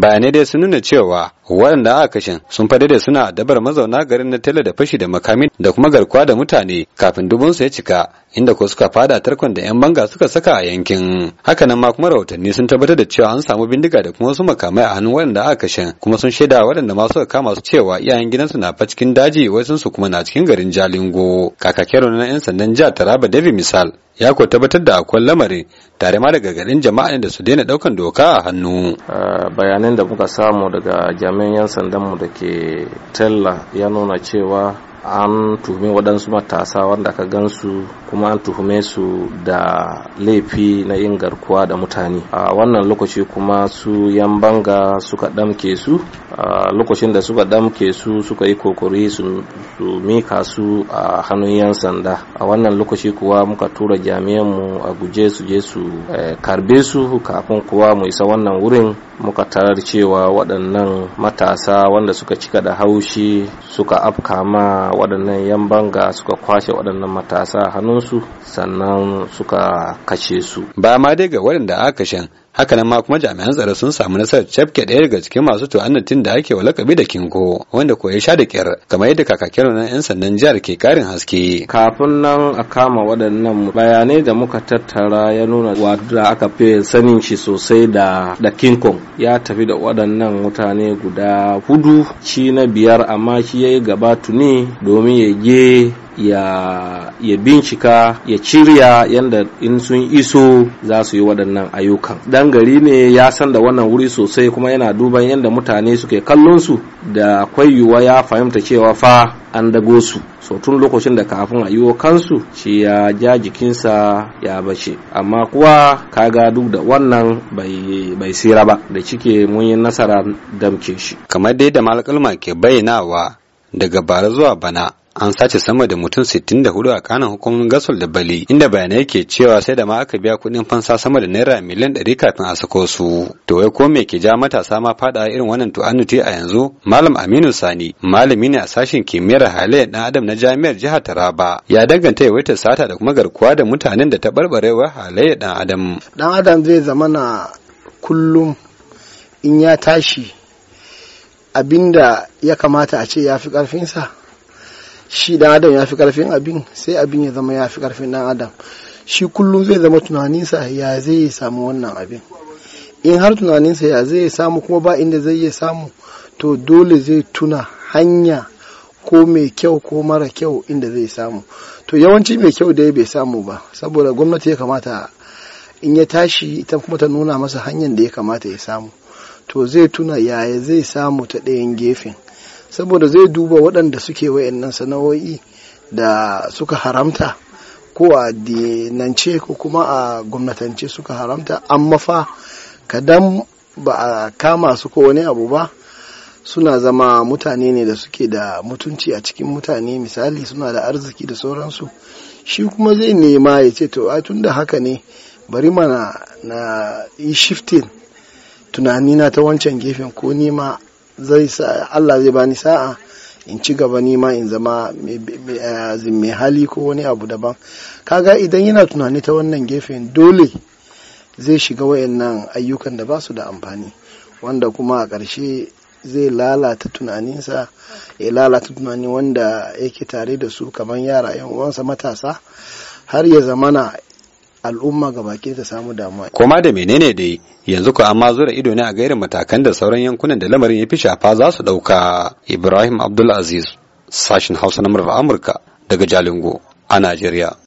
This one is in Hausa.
bayanai dai sun nuna cewa waɗanda aka kashin sun fa da suna dabar mazauna garin na tela da fashi da makami da kuma garkuwa da mutane kafin dubun su ya cika inda ko suka fada tarkon da yan banga suka saka a yankin hakanan ma kuma rahotanni sun tabbatar da cewa an samu bindiga da kuma wasu makamai a hannun waɗanda aka kashin kuma sun shaida waɗanda ma suka kama su cewa iyayen gidansu na fa cikin daji wasu su kuma na cikin garin Jalingo kakakero na yan sandan jihar Taraba David misal ya ko tabbatar da akwai lamarin tare ma daga garin jama'a da su daina ɗaukan doka a hannu. bayanan da muka samu daga jami'an 'yan sandanmu da ke tella ya nuna cewa an tuhumi waɗansu matasa wanda ka gansu kuma an tuhume su da laifi na yin garkuwa da mutane a wannan lokaci kuma su yan banga suka ɗamke su a lokacin da suka ɗamke su suka yi kokori su mika su a hannun yan sanda a wannan lokaci kuwa muka tura jami'anmu a guje su je su eh, karbe su kafin kuwa mu isa wannan wurin muka tarar cewa waɗannan matasa wanda suka cika da haushi suka afka ma waɗannan yan banga suka kwashe waɗannan matasa hannunsu sannan suka kashe su ba ma dai ga waɗanda aka shan hakanan ma kuma jami'an tsaro sun samu nasarar cafke ɗaya daga cikin masu tu'annatin da ake wa lakabi da kinko wanda ko ya sha da kyar kamar yadda kakakin nan 'yan sandan jihar ke karin haske kafin nan a kama waɗannan bayanai da muka tattara ya nuna wadda aka fi sanin shi sosai da da kinkon ya tafi da waɗannan mutane guda hudu shi na biyar amma shi ya yi gaba tuni domin ya je ya, ya bincika ya cirya yadda in sun iso za su yi waɗannan ayyukan dan gari ne ya san da wannan wuri sosai kuma yana duban yadda mutane suke kallon su da kwaiwa ya fahimta cewa fa an dago su so tun lokacin da kafin a yi wa kansu shi ya ja jikinsa ya bace amma kuwa kaga duk da wannan bai sira ba da cike mun yi nasara damke shi kamar dai da malakalma ke bayyanawa daga bara zuwa bana an sace sama da mutum 64 a kanan hukumomin gasol da bali inda bayanai ke cewa sai da ma aka biya kuɗin fansa sama da naira miliyan 100 kafin a sako su to wai ko me ke ja matasa ma fada irin wannan tu'annuti a yanzu malam aminu sani malami ne a sashen kimiyyar halayyar dan adam na jami'ar jihar taraba ya danganta yawaitar sata da kuma garkuwa da mutanen da ta ɓarɓarewa halayyar dan adam dan adam zai zama na kullum in ya tashi abinda ya kamata a ce ya fi ƙarfinsa shi dan adam ya fi ƙarfin abin sai abin ya zama ya fi ƙarfin dan adam shi kullum zai zama tunaninsa ya zai samu wannan abin in har tunaninsa ya zai samu kuma ba inda zai iya samu to dole zai tuna hanya ko mai kyau ko mara kyau inda zai samu to yawanci mai kyau dai bai samu ba saboda gwamnati ya kamata in ya tashi ita kuma ta nuna masa hanyar da ya kamata ya samu to zai tuna yaya zai samu ta ɗayan gefen saboda zai duba waɗanda suke wayannan sana'o'i da suka haramta ko a dinance ko kuma a gwamnatance suka haramta amma fa kadan ba a kama su ko wani abu ba suna zama mutane ne da suke da mutunci a cikin mutane misali suna da arziki da sauransu shi kuma zai nema ya ce to a tun da haka ne bari mana na yi shifting tunani na ta wancan gefen ko nima zai sa Allah zai bani sa'a in ci gaba nima in zama mai eh, hali ko wani abu daban kaga idan yana tunani ta wannan gefen dole zai shiga wayannan ayyukan da ba su da amfani wanda kuma a karshe zai lalata tunaninsa ya lalata tunanin wanda yake tare da su kamar yara yan uwansa matasa har ya zamana al'umma ga baki ta samu damuwa koma da menene dai yanzu ko amma zura ido ne a gairin matakan da sauran yankunan da lamarin ya fi shafa za su ɗauka. ibrahim abdul aziz sashin hausa na murar amurka daga jalingo a najeriya